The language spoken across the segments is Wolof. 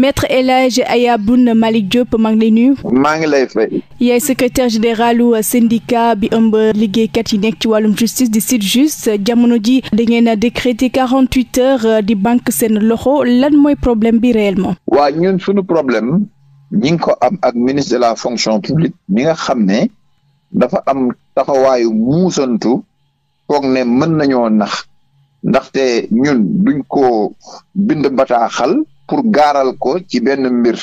maitre El Hadj Aya Boun Malick Diop maa ngi lay nuyu. maa ngi lay fay. yaay secrétaire généralu syndicat bi ëmb liggéeykat yi nekk ci wàllum justice di SYTJUST jamono ji da ngeen a décrété quarante huit heures di banque seen loxo lan mooy problème bi réelement waa ñun suñu problème ñi ngi ko am ak ministre de la fonction publique mi nga xam ne dafa am taxawaayu muusantu foog ne mën nañoo nax ndaxte ñun duñ ko bind xal pour gaaral ko ci benn mbir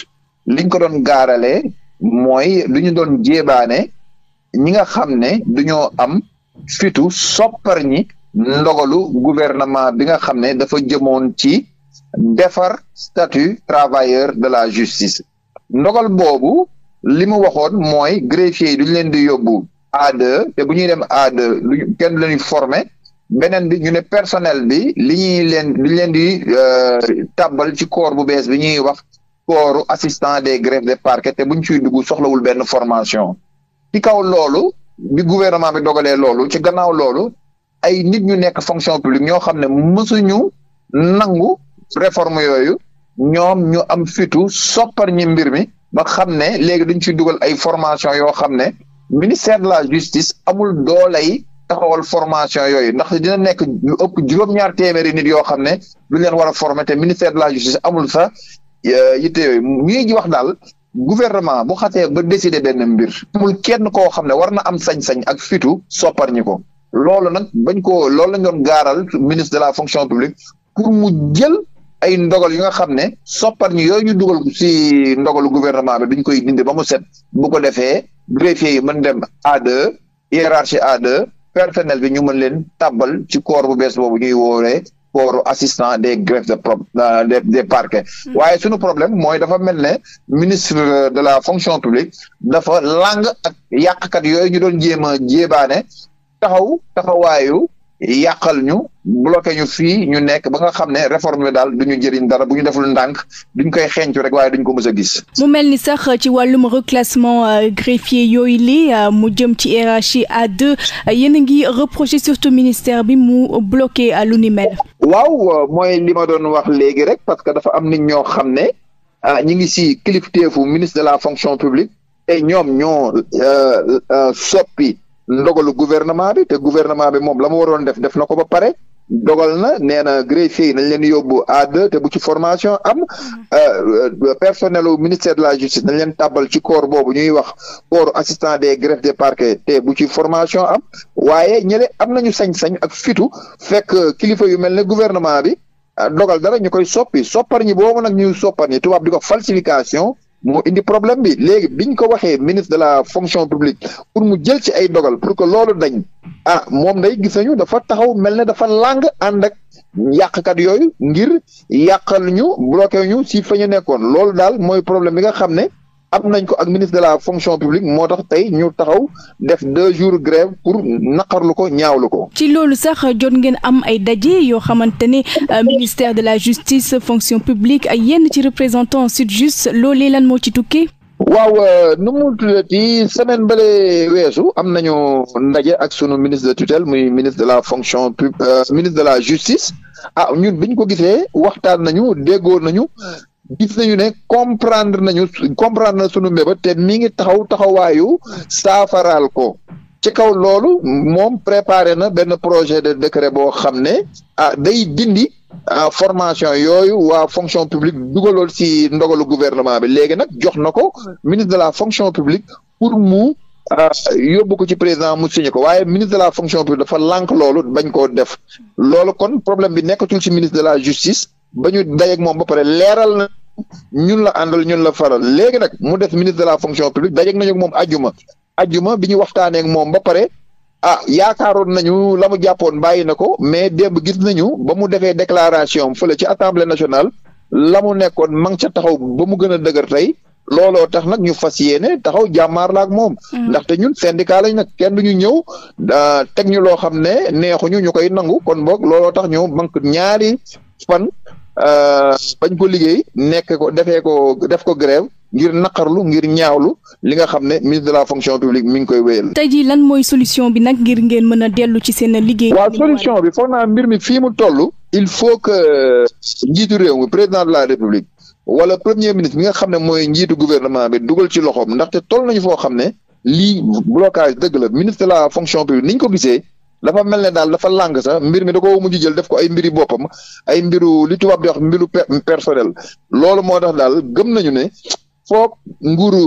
liñ ko doon gaaralee mooy lu ñu doon jéebaane ñi nga xam ne duñoo am fitu sopar ñi ndogalu gouvernement bi nga xam ne dafa jëmoon ci defar statut travailleur de la justice ndogal boobu li mu waxoon mooy greffier yi duñu leen di yóbbu A2 bu ñuy dem A2 duñu kenn former beneen bi ñu ne personnel bi li ñuy leen li leen di euh, tàbbal ci corps bu bees bi ñuy wax corps assistant des greffes des parquets te buñ ciy dugg soxlawul benn formation ci kaw loolu bi gouvernement bi dogalee loolu ci gannaaw loolu ay nit ñu nekk fonction publique ñoo xam ne mosu mësuñu nangu réforme yooyu ñoom ñu am fitu soppar ñi mbir mi ba xam ne léegi dañ ciy dugal ay formation yoo xam ne ministère de la justice amul doolay taxawal formation yooyu ndax dina nekk lu ëpp juróom-ñaar téeméeri nit yoo xam ne lu leen war a te ministère de la justice amul sa euh, yitte yooyu ñuy wax daal gouvernement bu xasee ba décider benn mbir amul kenn koo xam ne war na am sañ-sañ ak fitu soppar ñi ko loolu nag bañ ko loolu lañ doon gaaral ministre de la fonction publique pour mu jël ay ndogal yu nga xam ne soppar ñi yooyu ñu dugal si ndogalu gouvernement bi duñ koy dindi ba mu set bu ko defee greffier yi mën dem A2 hiérarchie personnel bi ñu mën leen tàbbal ci corps bu bees boobu ñuy woowee corps assistant des greffes de pro euh, des des hmm. waaye suñu problème mooy dafa mel ne ministre de la fonction publique dafa lang ak yàqkat yooyu ñu doon jéem a jéebaane taxaw taxawaayu yàqal ñu. bloqué ñu fii ñu nekk ba nga xam ne réforme bi daal du ñu jëriñ dara bu ñu deful ndànk duñ koy xeeñcu rek waaye duñ ko mës a gis. mu mel ni sax ci wàllum reclassement euh, greffier yooyu li euh, mu jëm ci hiérarchie A2 euh, yéen a ngi reproché surtout ministère bi mu bloqué lu ni mel. waaw mooy li ma doon wax léegi rek parce que dafa am nit ñoo xam ne ñi ngi si kilifteefu ministre de la fonction publique te ñoom ñoo sopi ndogalu gouvernement bi te gouvernement bi moom la mu waroon def def na ko ba pare dogal na nee na greffier yi nañ leen yóbbu A2 te bu ci formation am euh, euh, personnel au ministère de la justice nañ leen tàbbal ci corps boobu ñuy wax corps assistant des greffes des parquets te bu ci formation am waaye ñële am nañu sañ-sañ ak fitu fekk kilifa yu mel ne gouvernement bi euh, dogal dara ñu koy soppi soppar ñi boobu nag ñu soppar ñi tubaab di ko falsification moo indi problème bi léegi biñ ko waxee ministre de la fonction publique pour mu jël ci ay dogal pour que loolu dañ ah moom day gis nañu dafa taxaw mel ne dafa làng ànd ak yàqkat yooyu ngir yàqal ñu bloqué ñu si fa ñu nekkoon loolu daal mooy problème bi nga xam ne am nañ ko ak ministre de la fonction publique moo tax tey ñu taxaw def deux jours grève pour naqarlu ko ñaawlu ko. ci loolu sax jot ngeen am ay daje yoo xamante ne euh, ministère de la justice fonction publique ak yenn ci représentant SYTJUST loolee lan moo ci tukki waaw euh, nu mu tuddati semaine bële weesu am nañu ndaje ak sunu ministre de tutelle muy ministre de la fonction publique euh, de la justice ah ñun biñ ko gisee waxtaan nañu déggoo nañu gis nañu ne comprendre nañu comprendre na sunu mbéba te mi ngi taxaw taxawaayu saafaraal ko ci kaw loolu moom préparé na benn projet de décret boo xam ne ah day dindi ah, formation yooyu waa fonction publique dugalool ci ndogalu gouvernement bi léegi nag jox na ko ministre de la fonction publique pour mu ah, yóbbu ko ci président mu signé ko waaye ministre de la fonction publique dafa lànk loolu bañ ko def loolu kon problème bi nekkatul ci ministre de la justice ba ñu dajeeg moom ba pare leeral na ñun la àndal ñun la faral léegi nag mu def ministre de la fonction publique dajeeg nañu moom ajuma ajuma bi ñu waxtaanee moom ba pare ah yaakaaroon nañu la mu jàppoon bàyyi na ko mais démb gis nañu ba mu defee déclaration fële ci assemblée nationale la mu nekkoon ma nga ca taxaw ba mu gën a dëgër tey looloo tax nag ñu fas yéene taxaw jàmmaar la ak moom. Mm. ndaxte ñun syndicat lañ nag kenn du ñu ñëw teg ñu loo xam ne neexuñu ñu koy nangu kon boog looloo tax ñu manque ñaari Euh, bañ ko liggéey nekk ko defee ko def ko grève ngir naqarlu ngir ñaawlu li nga xam ne ministre de la fonction publique mi ngi koy wéyal. tey jii lan mooy solution bi nag ngir ngeen mën a dellu ci seen liggéey. waaw solution bi foog naa mbir mi fii mu tollu il faut que njiitu réew mi président de la république wala premier ministre mi nga xam ne mooy njiitu gouvernement bi dugal ci loxoom ndaxte toll nañu foo xam ne li blocage dëgg la ministre la fonction publique ni ñu ko gisee. dafa mel ne daal dafa làng sax mbir mi da ko mujj jël def ko ay mbiri boppam ay mbiru li tubaab di wax mbiru personnel loolu moo tax daal gëm nañu ne foog nguuru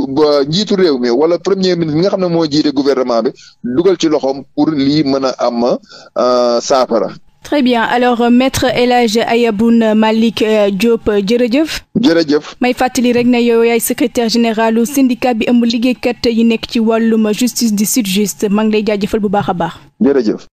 jiitu réew mi wala premier ministre mi nga xam ne moo jiite gouvernement bi dugal ci loxoom pour lii mën a am euh, saafara. très bien alors euh, maître El Hadj Ayaboun Malick euh, euh, jërëjëf. jërëjëf. may fàttali rek na yow yaay secrétaire généralu syndicat bi ëmb liggéeykat yi nekk ci wàllum justice di SYTJUST maa ngi lay jaajëfal bu baax a baax.